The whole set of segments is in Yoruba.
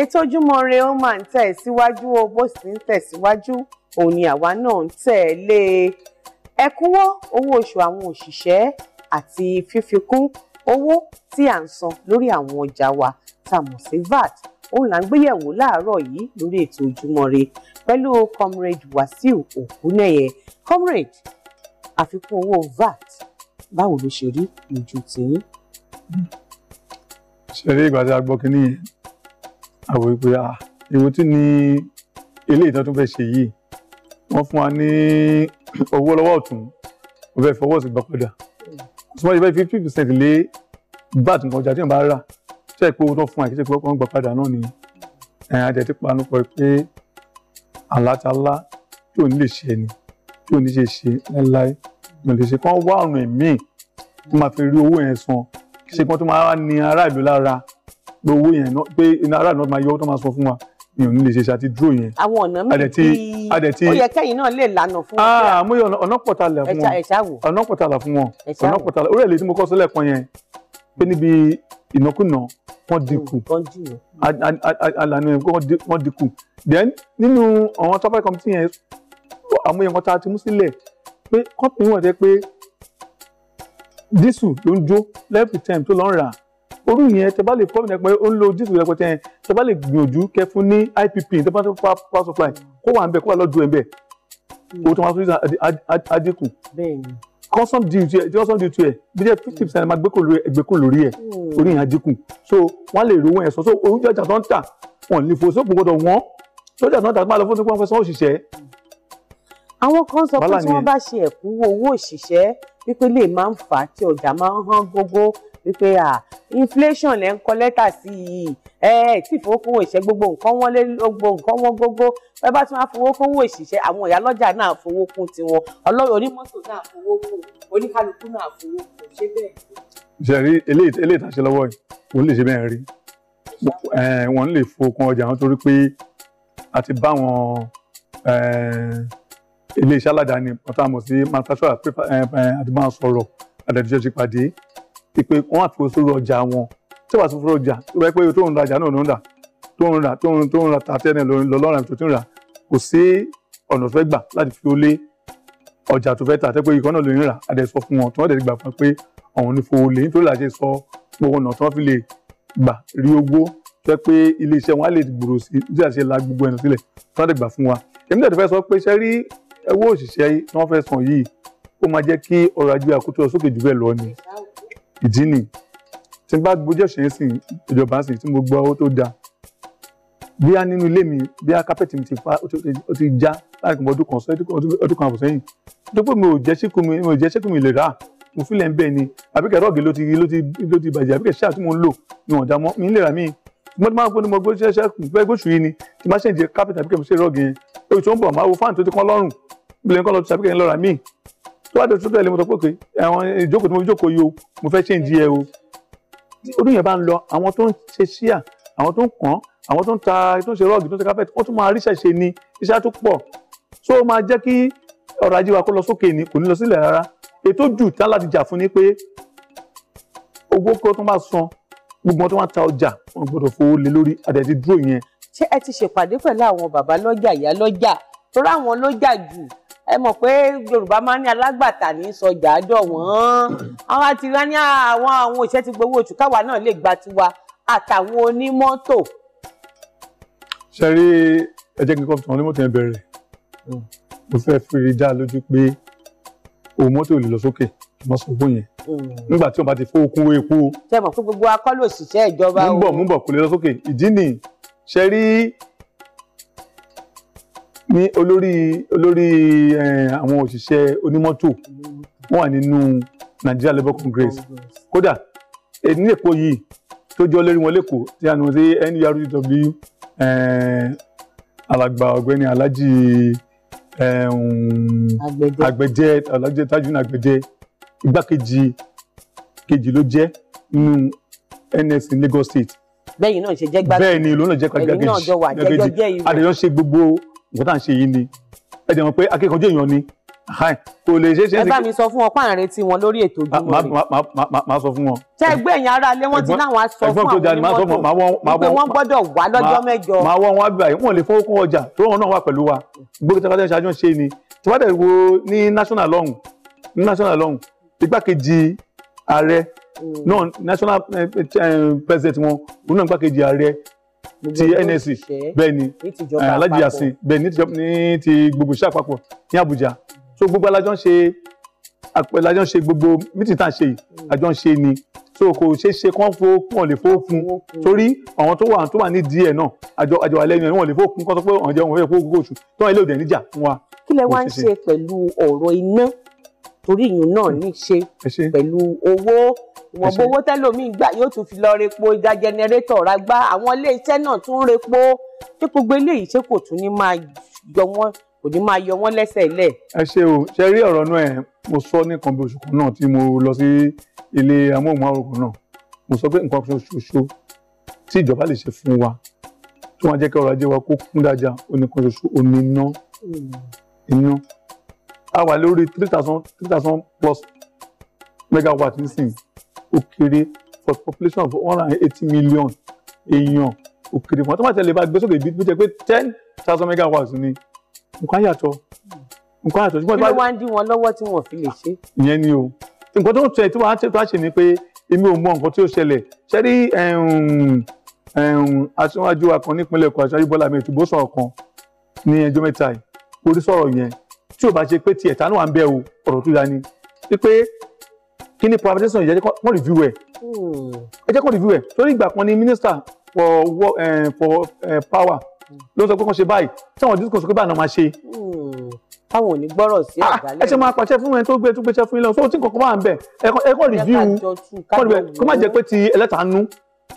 ètò ojúmọ́ ire ó máa ń tẹ̀ síwájú o bó sì ń tẹ̀síwájú òun ni àwa náà ń tẹ̀lé e. ẹ̀kúnwó owó oṣù àwọn òṣìṣẹ́ àti fífikún owó tí à ń san lórí àwọn ọjà wa tá a mọ̀ sí VAT òun là ń gbéyẹ̀wò láàárọ̀ yìí lórí ètò ojúmọ́ ire pẹ̀lú comrade Wasiu Okuneye comrade àfikún owó VAT báwo ló ṣe rí lójú tìyín. ṣe rí ìgbà tí a gbọ́ kínní yẹn àwọn ìpè à èwo tún ni eléyìí tó tún fẹ́ ṣe yìí wọ́n fún wa ní owó lọ́wọ́ ọ̀tún wọ́n fẹ́ fọwọ́ sí gbàpadà tí wọ́n ṣe fẹ́ fifty percent lé bat nǹkan ọjà tí wọ́n bá rà ṣe pé owó tó fún wa kì í ṣe pé wọ́n gbàpadà náà ni ẹ̀yìn àjẹ́ ti panu pọ̀ pé àlátálá tí ò ní lè ṣe ni tí ò ní ṣe ṣe láéláé ní ò lè ṣe kán wá ọ̀rùn ẹ̀mí tó máa fi rí owó yẹn san kì í ṣe kán tó máa ní ará lára pé owó yẹn pé náírà náà máa yọ ọ́ tó máa sọ fún wa mi ò ní lè ṣe àti dúró yẹn. àwọn ọ̀nà mi ti ó yẹ kẹ́yìn náà lè lànà fún ah, wọn. àmú ọ̀nà pọ̀tàlà fún wọn ọ̀nà pọ̀tàlà fún wọn ọ̀nà pọ̀tàlà orí èlé tí mo kọ́ sílẹ̀ kan yẹn pé níbi ìnákúnà wọ́n hmm, dínkù àlànà yẹn wọ́n dínkù then nínú àwọn tọ́pẹ́ kọ́mítì yẹn àwọn èèyàn kan tá a ti mú sílẹ̀ pé kọ́pì wọn jẹ́ pé dísù ló ń jó every time tó lọ́ ń rà á orú yẹn tẹ bá lè fọ́ọ̀mù rẹ pé ó ń lo jésù rẹpẹtẹ yẹn tẹ bá lè gbìyànjú kẹ fún ní IPP tẹ bá fẹ́ power supply kó wà ń bẹ kó wà lọ́dún ẹ̀ bẹ́ẹ̀ owó tó máa fún adínkù custom duty ẹ custom duty ẹ bí jẹ fifty percent máa gbẹ́kò lórí ẹgbẹ́kò lórí ẹ hmm. orí yẹn adínkù so wọ́n lè rówó yẹn sọ so oúnjẹ ọjà tó ń tà wọ́n lè fò sóògùn gbọdọ̀ wọ́n lọ́jà tó ń tà tó máa lọ fún tí wọ́n fẹ́ sanwó òṣìṣẹ́ àwọn kan sọ pé tí wọ́n bá ṣe ẹ̀kúnwó owó òṣìṣẹ́ wípé lè máa ń fà á tí ọjà máa ń hán gógó wípé à inflation lẹ́ ń kọ lẹ́tà sí i ẹ ẹ tí ìfowópamọ́ ìṣe gbogbo nǹkan wọ́n lé gbogbo nǹkan wọ́n gbogbo ẹ bá ti máa fowó kówó ìṣiṣẹ́ àwọn ìyá lọ́jà náà fowó kún tiwọn ọlọ́run onímọ́tò náà fowó kún oníkálukú náà fowó kún ṣé bẹ́ẹ̀. ṣe rí eléyìí tá a lọ́wọ́ yìí òun lè ṣe bẹ́ẹ̀ rí wọ́n lè fokun ọjà wọn torí pé a ti bá wọn ilé iṣẹ́ aládàáni ọ̀tá sí ìpè wọn àti kò sórí ọjà wọn tí wàá sọ fún ọjà tó bá yẹ pé tó ń rajà náà ló ń rà tó ń rà tó ń tó ń rà tàtẹ́ náà lọ lọ́ra tó ti ń rà kò sí ọ̀nà tó fẹ́ gbà láti fi ó lé ọjà tó fẹ́ tà tẹ́ pé ìkọ́ náà ló ń rà adẹ̀ sọ fún wọn tí wọ́n dẹ̀ gbà fún pé àwọn ní fowó lé nítorí làṣẹ sọ gbogbo ọ̀nà tí wọ́n fi lè gbà rí ogbó fẹ́ pé ilé iṣẹ́ wọn á lè gbòòrò sí bí àṣẹ la gbogbo ẹ̀nà sílẹ̀ tí wọ́n dẹ̀ gbà fún wa èmi dẹ̀ fẹ́ sọ pé ṣẹ́ rí owó òṣìṣẹ́ tí wọ́n fẹ́ san yìí ó máa jẹ́ kí ọrọ̀ ajé àkótó lọ sókè jù bẹ́ẹ̀ lọ ni ìdí nì tí n bá gbójú ẹ̀ṣẹ̀ sìn ìjọba sìn tí mo gbọ́ owó tó da bíyá nínú ilé mi bíyá kápẹ́tì mi ti fa ó ti já láàrin ọdún kan ọdún kan àbọ̀ sẹ́yìn dípò mi ò jẹ́ síkú mi mi ò jẹ́ síkú mi lè rà mo fílẹ̀ ń bẹ́ẹ̀ ni àbíkẹ́ rọ́ọ̀gì ló ti ló ti ló ti bàjẹ́ àbíkẹ́ ṣáà tí mo ń lò mi ò dá mọ́ mi ń lè rà míì mo máa ń fún ni mo gbóṣẹ́ ṣẹ́ fẹ́ gbóṣù yìí ni tí máa ṣèǹjẹ kápẹ́tì àbíkẹ́ mi ṣe rọ́ọ̀gì yẹn oṣù tó ń bọ̀ máa wo fáànù tó ti kán lọ́rùn tó wá dọ̀tún tẹ̀lé mo sọ pé pé àwọn ìjókòó tí mo jókòó yìí o mo fẹ́ ṣe ń di ẹ o ọdún yẹn bá ń lọ àwọn tó ń ṣe ṣíà àwọn tó ń kàn àwọn tó ń ta tó ń ṣe rọ́ọ̀gì tó ń ṣe kápẹ́tì wọ́n tún máa ríṣẹ̀ ṣe ni iṣẹ́ tó pọ̀ so máa jẹ́ kí ọrọ̀ ajé wa kó lọ sókè ni kò ní lọ sílẹ̀ rárá ètò jù tán láti jà fún ni pé owó kó tó máa san gbogbo tó máa ta ọjà wọn gbọ́dọ̀ fowó lé lórí àdẹ̀dẹ̀ dúró yẹn. ṣé ẹ ti ṣèpàdé pẹ̀lú àwọn bàbá lọ́jà ìyá lọ́jà ẹ mọ̀ pé yorùbá máa ń ní alágbàtà ní sọjà àjọ wọn àwọn àti rán ní àwọn àwọn òṣìṣẹ́ ti gbowó oṣù káwa náà lè gba tiwa àtàwọn onímọ́tò. ṣe rí ẹ jẹ́ kí n kọ́ tàn onímọ́tò yẹn bẹ̀rẹ̀ mo fẹ́ fi dá lójú pé òun mọ́tò lè lọ sókè kí wọ́n sọ owó yẹn hmm. nígbà tí wọ́n bá ti fowó kún epo. ṣe mọ̀ fún gbogbo akọ́lù òṣìṣẹ́ ìjọba o. mú bọ̀ mú bọ̀ kò lè lọ sókè ìdí nìyí ṣe rí ní olórí olórí àwọn òṣìṣẹ́ onímọ́tò wọ́n wà nínú Nigeria Labour Congress kódà ní Èkó yìí tó jẹ́ olórí wọn lẹ́kọ̀ọ́ tí a nù sí NURTW e alàgbà ọ̀gbẹ́ni Alhaji Àgbẹ̀jẹ Alhaji Tajudeen Àgbẹ̀jẹ igbákejì kejì ló jẹ́ nínú NS in Lagos State bẹ́ẹ̀ ni náà ṣe jẹ́ gbàgbé bẹ́ẹ̀ ni ìlú náà jẹ́ gbàgbé àdéhùn ṣe gbogbo nǹkan tá à ń ṣe yìí ni ẹ jẹ́ wọn pé akíkanjú èèyàn ni kò lè ṣeé ṣe. ẹ bá mi sọ fún wọn pé à ń retí wọn lórí ètò ojúmọ́ rẹ. máa sọ fún wọn. tẹ ẹgbẹ́ ẹ̀yìn ara lé wọ́n ti láwọn aṣọ fún àwọn onímọ́tò pé wọ́n gbọ́dọ̀ wá lọ́jọ́ mẹ́jọ. máa wọ́n wá bíbáyìí wọ́n lè fowó kún ọjà tó wọn náà wà pẹ̀lú wa gbogbo tí wọ́n ti ṣàjọ ṣe ni tí wọ́n dẹ̀ wo ní national lọ́hùn ní national lọ́hùn igbákejì ààrẹ hmm. náà national eh, eh, eh, president wọn òun náà igbákejì ààrẹ ti NSC bẹ́ẹ̀ ni eh, Alhaji se bẹ́ẹ̀ ní ti gbogbo iṣẹ́ àpapọ̀ ní Abuja so gbogbo alájọ ń ṣe àjọ ń ṣe gbogbo mítì tá à ń ṣe yìí hmm. àjọ ń ṣe ni so kò ṣeé ṣe kán fo wọn lè fowó fún torí àwọn tó wà tó wà ní díẹ̀ náà àjọ àjọ alẹ́ yẹn wọn lè fowó fún kán sọ pé àwọn jẹun wọn fẹ́ fowó gbogbo oṣù tó wọn ilé òdẹ níjà fún wa. kí lẹ wá ń ṣe pẹ̀lú ọ̀rọ̀ iná torí ìyún náà ní ṣe pẹ̀lú owó ìwọ̀nba owó tẹ́lòmíì gbà yóò tún fi lọ repo ìdá jẹnẹrétọ̀ ra gbá àwọn iléeṣẹ́ náà tún repo ṣé gbogbo eléyìí ṣé kò tún ní máa yọ wọ́n kò ní máa yọ wọ́n lẹ́sẹ̀ lẹ̀. ẹ ṣe o ṣe rí ọ̀rọ̀ náà ẹ̀ mo sọ nìkan bí oṣù kan náà tí mo lọ sí ilé amóhùnmáwòrán náà mo sọ pé nǹkan ṣoṣo tí ìjọba lè ṣe fún wa tí wọ́n á jẹ́ kí ọrọ̀ ajé wa kó kún dáadáa ó ní kan ṣoṣo ó ní iná hmm. iná a wà lórí three thousand three thousand plus megawatt nísìnyí ó kéré for population of one hundred and eighty million èèyàn ó kéré fún wa tó máa tẹ̀lé bá gbé sókè bí bí jẹ́ pé ten thousand megawatt ni nǹkan yàtọ̀ nǹkan yàtọ̀. kí ló wá ń dí wọn lọ́wọ́ tí wọn fi lè ṣe. ìyẹn ni o nǹkan tó ń tẹ̀ tí wàá tẹ̀ a ṣe ni pé èmi ò mọ nǹkan tí ó ṣẹlẹ̀ ṣe rí aṣíwájú akàn nípínlẹ̀ Èkó aṣíwájú Bọ́lá mi ìtúbọ̀sán ọ̀kan ní ẹjọ́ mẹ́ta yìí orí sọ̀rọ̀ yẹn tí ò bá ṣe pé tí ẹ̀ta náà wà ń bẹ o ọ̀rọ̀ tó ya ni wípé kí ni privatization yìí ẹ jẹ́ kó review ẹ̀ ẹ jẹ́ kó review ẹ̀ torí ìgbà kan ni minister for eh, for eh, power ló ń sọ pé kàn ṣe báyìí táwọn disco sọ pé báyìí náà máa ṣe. táwọn ò ní gbọ́rọ̀ sí ọ̀gá ah, lẹ́nu. ẹ ṣe máa pàṣẹ fún ẹni tó gbé tó gbéṣẹ́ fún ilé ọ̀hún tí nǹkan kan máa ń bẹ̀ ẹ kọ́ review kọ́ review kó má jẹ́ pé ti ẹlẹ́tàánú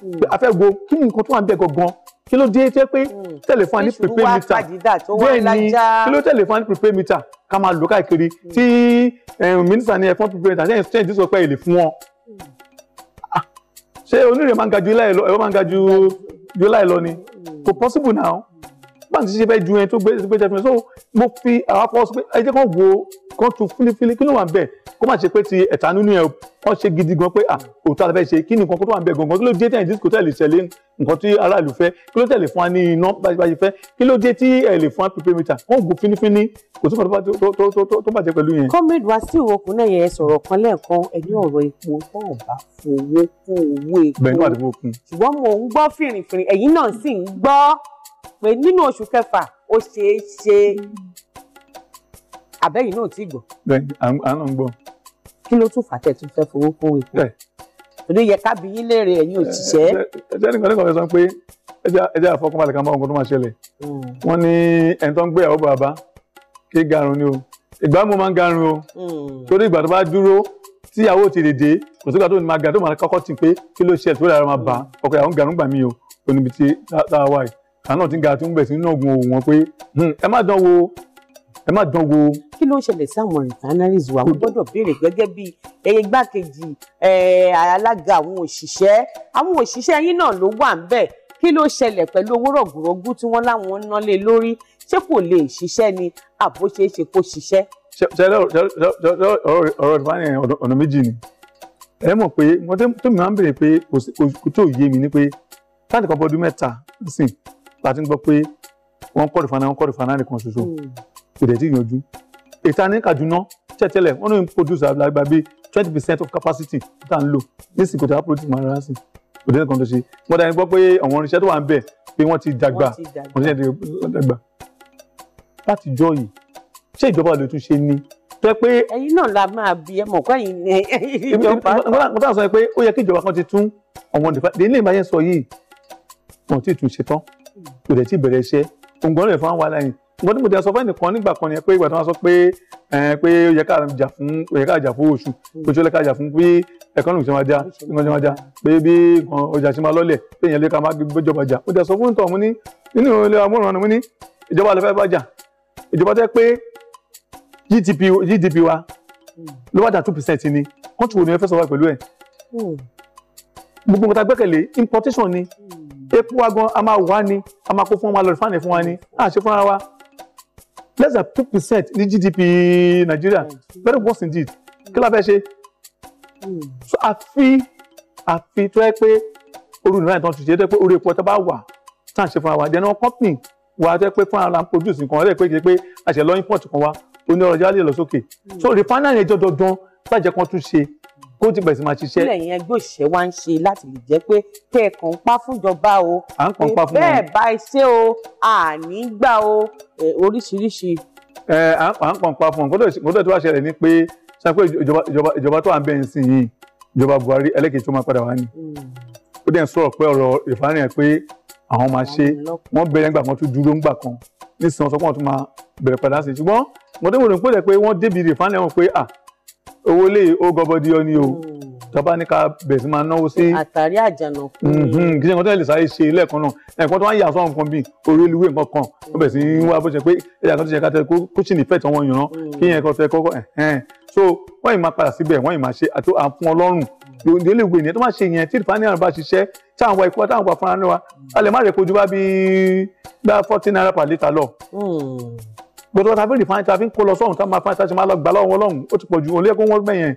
hmm. a fẹ́ wo kí ni nǹkan tó wà ń bẹ̀ gangan kí ló dé tẹ́ pé hmm. tẹlifóònù ní prepaid meter bẹ́ẹ̀ ni kí ló tẹlifóònù ní prepaid meter ká máa lò káàkiri hmm. tí mínísítà ní ẹ̀fọ́n prepaid meter ṣe ṣe ìdísọ̀ pé èlé fún wọn. Ah, ṣé onírè máa ń ga ju ilá ẹ̀ lọ ni hmm. kò possible now pàǹtí ṣe fẹ́ ju ẹni tó gbé jẹ fún mi so mo fi àwọn afọ sọ pé ẹ jẹ́ kó wo kó tu fílífílí kí ló wà ń bẹ̀ kó má ṣe pé ti ẹ̀ta nínú yẹn wọ́n ṣe gidi gan pé òótọ́ àlẹ́ fẹ́ ṣe kí ni nǹkan kó tó wà ń bẹ̀ gangan kí ló dé tẹ̀yìn disco tẹ̀lé ìṣẹ̀lẹ̀ nǹkan tí aráàlú fẹ́ kí ló tẹ̀lé fún wa ní iná báyìí fẹ́ kí ló dé tí ẹ̀ lè fún wa pípé mítà wọ́n gùn fínífíní kò tó tó bàjẹ́ pẹ̀lú yẹn. comrade Wasiu Okuneye yẹn sọ̀rọ̀ kan lẹ́ẹ̀kan ẹni ọ̀rọ̀ epo tó ń bá fowó kún owó epo ṣùgbọ́n mo ń gbọ́ fìrìfìrì ẹ̀yin náà sì ń gbọ́ pé nínú oṣù kẹfà ó ṣeé ṣe àbẹ́yìn náà ti gbọ́. bẹ́ẹ̀ à ń gbọ́. kí ló tún fàtẹ̀ tún fẹ́ fowó kún epo. torí yẹ ká bi yín léèrè ẹ̀yin òṣìṣẹ́. ẹjẹ nìkan nìkan sọ pé ẹjẹ àfọkànbalẹ̀ kan bá wọn kó tó máa ṣẹlẹ̀. Hmm. wọ́n ní ẹni tó ń gbé ìyàwó bàbá kí garun ni o ìgbà mo máa ń garun o hmm. torí ìgbà tó bá dúró tí ìyàwó ti lè dé kò sígbà tó ní máa ga tó máa kọ́kọ́ ti pé kí ló ṣe ẹ̀ tó rà máa bá ọkọ ìyàwó ń garun gbà mí o oníbi tí táwa wà yìí táwọn náà ti ń ga tí wọ́n bẹ̀rẹ̀ sí nínú ọ̀gùn òun wọn pé hmm, ẹ má dán wo ẹ má dán wo. kí ló ń ṣẹlẹ̀ sáwọn refineries wa wọ́n gbọ́dọ̀ béèrè gẹ́gẹ́ bí ẹyẹ gbákejì alága àwọn òṣìṣẹ́ àwọn òṣìṣẹ́ yín náà ló wà ń bẹ̀ kí ló ṣẹlẹ̀ pẹ̀lú owó rọ̀gùrọ̀gù tí wọ́n láwọn ń ná lé lórí ṣé kò lè ṣiṣẹ́ ni àbó ṣe é ṣe kó ṣiṣẹ́. ṣẹlẹ̀ ọ̀rọ̀ refinery ọ̀nà méjì ni ẹ mọ̀ pé mo tó mi máa ń béèrè pé kò tó yé mi ni pé láti kọ́ bọ́dún mẹ́ta nísìnyí la ti ń gbọ́ pé wọ́n kọ́ rìfànà wọ́n kọ́ rìfànà nìkan ṣoṣo ìrètí hmm. ìyànjú ìta ní Kaduna tẹ́tẹ́lẹ̀ wọ́n náà ń produce àgbà bíi twenty percent of capacity tá à ń lò nísìnyí kò tá a produce màá rárá sí kò dé nǹkan tó ṣe wọ́n dání gbọ́ pé àwọn irinṣẹ́ tó wà ń bẹ̀ pé wọ́n ti dàgbà wọ́n ti dàgbà láti jọ yìí ṣé ìjọba ló tún ṣe ni tẹ pé. ẹ̀yin náà la máa bí ẹ mọ̀ káyìn ní ìjọba. mo tàn sọ pé ó yẹ kí ìjọba kan ti tún ọmọ nípa délé ìmáyé sọ yìí wọn ò tí ì tún ṣe tán kò dẹ̀ tí bẹ̀rẹ̀ iṣẹ́ òǹgbọ́n rẹ̀ fún àwọn aláìní nǹkan tí mo ti sọ fún ẹnìkan nígbà kan yẹn pé ìgbà tí wọ́n sọ pé pé ó yẹ ká jà fún ó yẹ ká jà fún oṣù oṣù lẹ́ka jà fún bí ẹ̀kọ́nù ṣe máa já bí wọ́n ṣe máa já pé bí nǹkan ọjà ṣe máa lọ́lẹ̀ pé èèyàn lè ká máa gbẹ́jọba jà mo ti sọ fún ìtọ̀ mo ní nínú ilé amóhùnmáwòrán mo ní ìjọba lè fẹ́ bá jà ìjọba tẹ́ pé GDP wa ló bá jà two percent ni kọ́ńtù wo ni wọ́n fẹ́ sọ wá pẹ̀lú ẹ̀ gbogbo nǹkan tá gbẹ́kẹ̀lé importation ni. Hmm epo wa gan a máa wà ní a máa kó fún wa lọ́ọ̀rì fáànì fún wa ní à ṣe fúnra wa less than two percent ní GDP Nàìjíríà very worse indeed kí la fẹ́ ṣe so àfi àfi tó yẹ pé orí ìlú náà tó ń ṣiṣẹ́ tó yẹ pé orí epo ọtá bá wà tá à ń ṣe fúnra wa then our company wa tó yẹ pé fúnra la ń produce nǹkan ọ̀rẹ́ pé kì í pé àṣẹ lọ import kan wa oní ọrọ̀ ajé lọ sókè so refinery ẹjọ́ dandan lájẹ́ kan tún ṣe kó ti bẹ̀rẹ̀ sí máa ṣiṣẹ́. ilé yẹn ẹgbẹ́ òṣìṣẹ́ wa ń ṣe láti lè jẹ́ pé tẹ́ ẹ̀ kàn ń pa fúnjọba o. à ń kàn ń pa fún wọn. bẹ́ẹ̀ bá iṣẹ́ o àní gbà o oríṣiríṣi. ẹ à ń kàn ń pa fún wọn kódà tó wá ṣẹlẹ̀ ni pé ṣe pé ìjọba tó wà ń bẹ̀ ń sìn yìí ìjọba Buhari ẹlẹ́kejì tó máa padà wá ni. Hmm. ó dẹ̀ ń sọ̀rọ̀ pé ọ̀rọ̀ ìfarin ẹ̀ pé àwọn máa ṣe wọ́n bẹ̀rẹ̀ ńgbà kan owó lè ó gọbọdí ọ ni o hmm. tọba ní ká bẹ̀rẹ̀ sí máa náwó sí. àtàrí àjànà. Hmm, kí ṣe nǹkan tó lè sáré ṣe lẹ́ẹ̀kan náà ẹ̀kan tó wá ń yà sọ́run kan bíi orí olúwe nǹkan kan ó hmm. bẹ̀rẹ̀ sí ń wá bó ṣe pé ẹ̀yà kan tó ṣe kátẹ́ kó sì nífẹ̀ẹ́ tán wọ́n yàn án kí yẹn kan fẹ́ kọ́kọ́ so wọ́n yìí máa padà síbẹ̀ wọ́n yìí máa ṣe àti àfún ọlọ́run lóde lè wé ìyẹn tó máa ṣe yẹn tí ìfani àrùn bá ṣiṣẹ́ táwọn wa ikú táwọn wa fúnra wa a lè má rẹ̀ kojú bá bíi gbá fourteen naira per litre lọ gbọdọ̀ tá a fi rìfáìn tá a fi ń kó lọ sọ́run tá a máa fáìn tá a ṣe máa lọ gbà lọ́wọ́ ọlọ́run ó ti pọ̀ ju olóyè kó wọ́n bẹ̀yẹn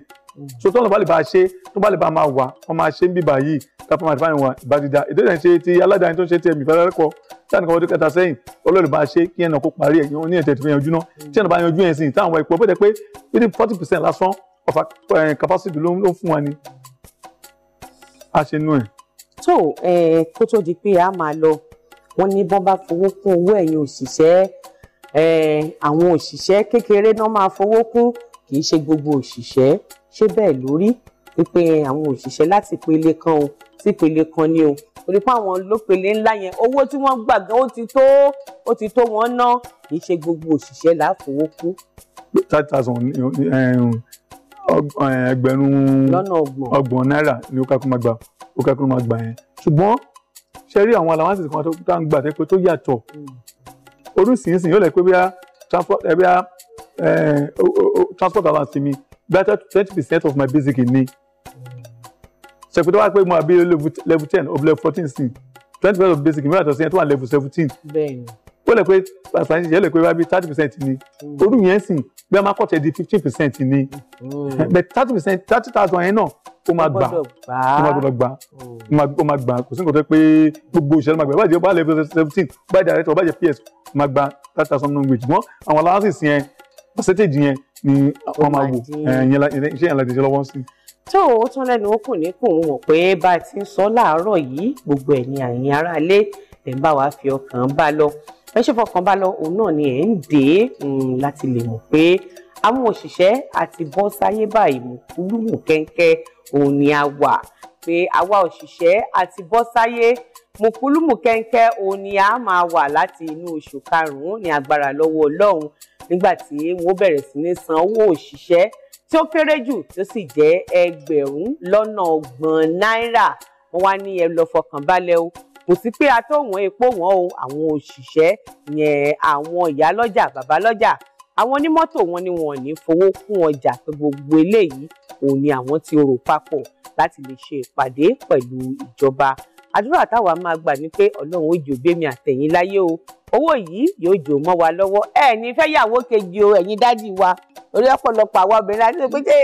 so tọ́nà bá lè bá a ṣe tó bá lè bá a máa wà wọ́n máa ṣe ń bíbà yìí tá a fẹ́ máa rìfáìn wa ìbádídá ètò ìdẹ̀ ń ṣe ti aládàáni tó ń ṣe ti ẹ̀mí fẹ́rẹ́kọ táwọn kan wọ́n tó kẹta sẹ́yìn olóyè bá a ṣe kí ẹnà kó parí ẹ̀ ní ẹ̀tẹ̀ tó fi yanjú náà tí ẹnà bá yanjú yẹn sìn táwọn ìpò bẹ́ẹ̀ pé wíní forty percent lásán of our eh, capacity ló ń fún wa ni a ṣe nú ẹ̀. tó eh, kó tó di pé a máa lọ wọn ní bọ́n bá fowó kún owó ẹ̀yin òṣìṣẹ́ àwọn òṣìṣẹ́ kékeré náà máa fowó kún kì í ṣe gbogbo òṣìṣẹ́ ṣé bẹ́ẹ̀ lórí pípín àwọn òṣìṣẹ́ láti pele kan o sí pele kan ni o torí pé àwọn lópele ńlá yẹn owó tí wọ́n gbà gan ó ti tó ó ti tó wọn ná kì í ṣe gbogbo òṣìṣẹ́ là á fowó kún. five thousand ẹgbẹ̀rún ọgbọ̀n náírà ni ó kákó máa gbà ó kákó máa gbà yẹn ṣùgbọ́n ṣe rí àwọn aláwáǹsì kan tó ń gbà tó yàtọ̀ hmm oríṣiríṣi yóò lè pé bí a transport ẹ bí a transport allowance mi better twenty percent of my basic ni ṣèpẹ́tẹ́ wá pé mo àbí level ten of level fourteen sí twenty percent of basic mi yàtọ̀ sí ẹni tó wà level seventeen. bẹ́ẹ̀ni ó lè pé bàtà ń ṣiṣẹ́ ó lè pé wá bí thirty percent ni orú yẹn sì bí a máa kọ̀ tẹ̀ di fifty percent ni mm. but thirty percent thirty thousand yẹn náà ó máa gbà ó mm. máa gbọ́dọ̀ gbà ó máa gbà kò sí nǹkan tó pé gbogbo òṣèlú máa gbà bá jẹ́ bá level seventeen bá jẹ́ director bá jẹ́ ps máa gbà thirty thousand nínú wage ṣùgbọ́n àwọn allowances yẹn percentage yẹn ni wọ́n máa wò iṣẹ́ yẹn láti ṣe lọ́wọ́ sí tó o tán lẹ́nu ó kù ní kùn wò pé bá a ti ń sọ láàárọ̀ yìí gbogbo ẹ̀ ni àyìn aráalé lè ń bá wa fi ọkàn bá lọ ẹ ṣe fọkàn bá lọ òun náà ni ẹ̀ ń dé mm, láti lè mọ̀ pé àwọn òṣìṣẹ́ àti bọ́ sáyé báyìí mùkúlùmù kẹ́ńkẹ́ òun ni a wà pé àwa òṣìṣẹ́ àti bọ́ sáyé mùkúlùmù kẹ́ńkẹ́ òun ni a máa wà láti inú oṣù karùn-ún ní agbára lọ́wọ́ ọlọ́run nígbà tí wọ́n bẹ̀rẹ̀ sí ní san owó òṣìṣẹ́ tí ó kéré jù tó sì jẹ́ ẹgbẹ̀rún lọ́nà ọgbọ̀n náírà wọ́n wá ní ẹ lọ fọkàn balẹ̀ o kò sí pé atọ́wọ̀n epo wọn o àwọn òṣìṣẹ́ yẹn àwọn ìyálọ́jà bàbálọ́jà àwọn onímọ́tò wọn ni wọn ò ní fowó kún ọjà pé gbogbo eléyìí òun ni àwọn ti rò papọ̀ láti lè ṣe ìpàdé pẹ̀lú ìjọba àdúrà táwa máa gbà ní pé ọlọ́run ó jò bẹ́mi láyé o owó yìí yóò jò mọ́ wa lọ́wọ́ ẹ ní fẹ́ yàwó kejì o ẹ̀yin dádì wa orí ọ̀pọ̀lọpọ̀ àwa obìnrin láti ṣe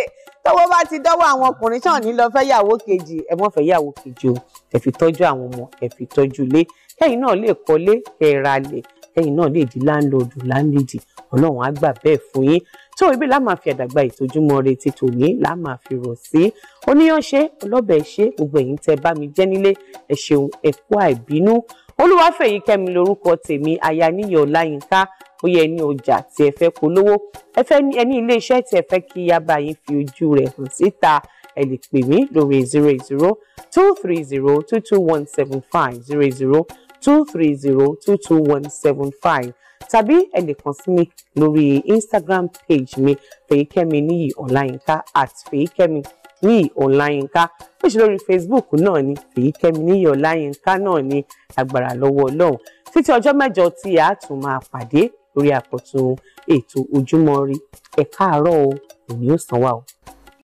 tọ́wọ́ bá ti dọ́wọ́ àwọn ọkùnrin tí wọ́n ní lọ fẹ́ yàwó kejì ẹ mọ́ fẹ́ yàwó kejì o ẹ fi tọ́jú àwọn ọmọ ẹ fi tọ́jú ilé kẹ́yìn náà lè kọ́lé kẹ́ralẹ̀ kẹ́yìn náà lè di láńlọ́ọ̀dù láńlẹ́dì ọlọ́run á gbà bẹ́ẹ̀ fún yín tó ibi la máa fi àdàgbà ìtọ́júmọ́ retí tòní la máa fi rọ̀ sí oníyanṣe ọlọ́bẹ̀ ṣe gbogbo ẹ̀yin tẹ́ bá mi jẹ́ nílé ẹ ṣeun ẹ kú àìbínú olúwàfẹ̀yìkẹ́mi lórúkọ tèmi ayaníyọ̀ ọláyínká bóyá ẹ ní ọjà tí ẹ fẹ́ polówó ẹ fẹ́ ní ẹ ilé iṣẹ́ tí ẹ fẹ́ kí yaba yín fi ojú rẹ̀ hàn síta ẹ lè pè mí lórí zero zero two three zero two two one seven five zero zero two three zero two two one seven five tàbí ẹ lè kàn sí mi lórí Instagram page mi Fèyíkẹ́mi níyì Ọláyínká at Fèyíkẹ́mi ní ọláyínká ó ṣe lórí facebook náà ni Fèyíkẹ́mi níyì ọláyínká náà ni agbára lọ́wọ́ ọlọ́run títí ọjọ́ mẹ́jọ tí a tún máa pàdé lórí àkótó ètò ojúmọ́ rí ẹ káàárọ̀ o òní ò sán o.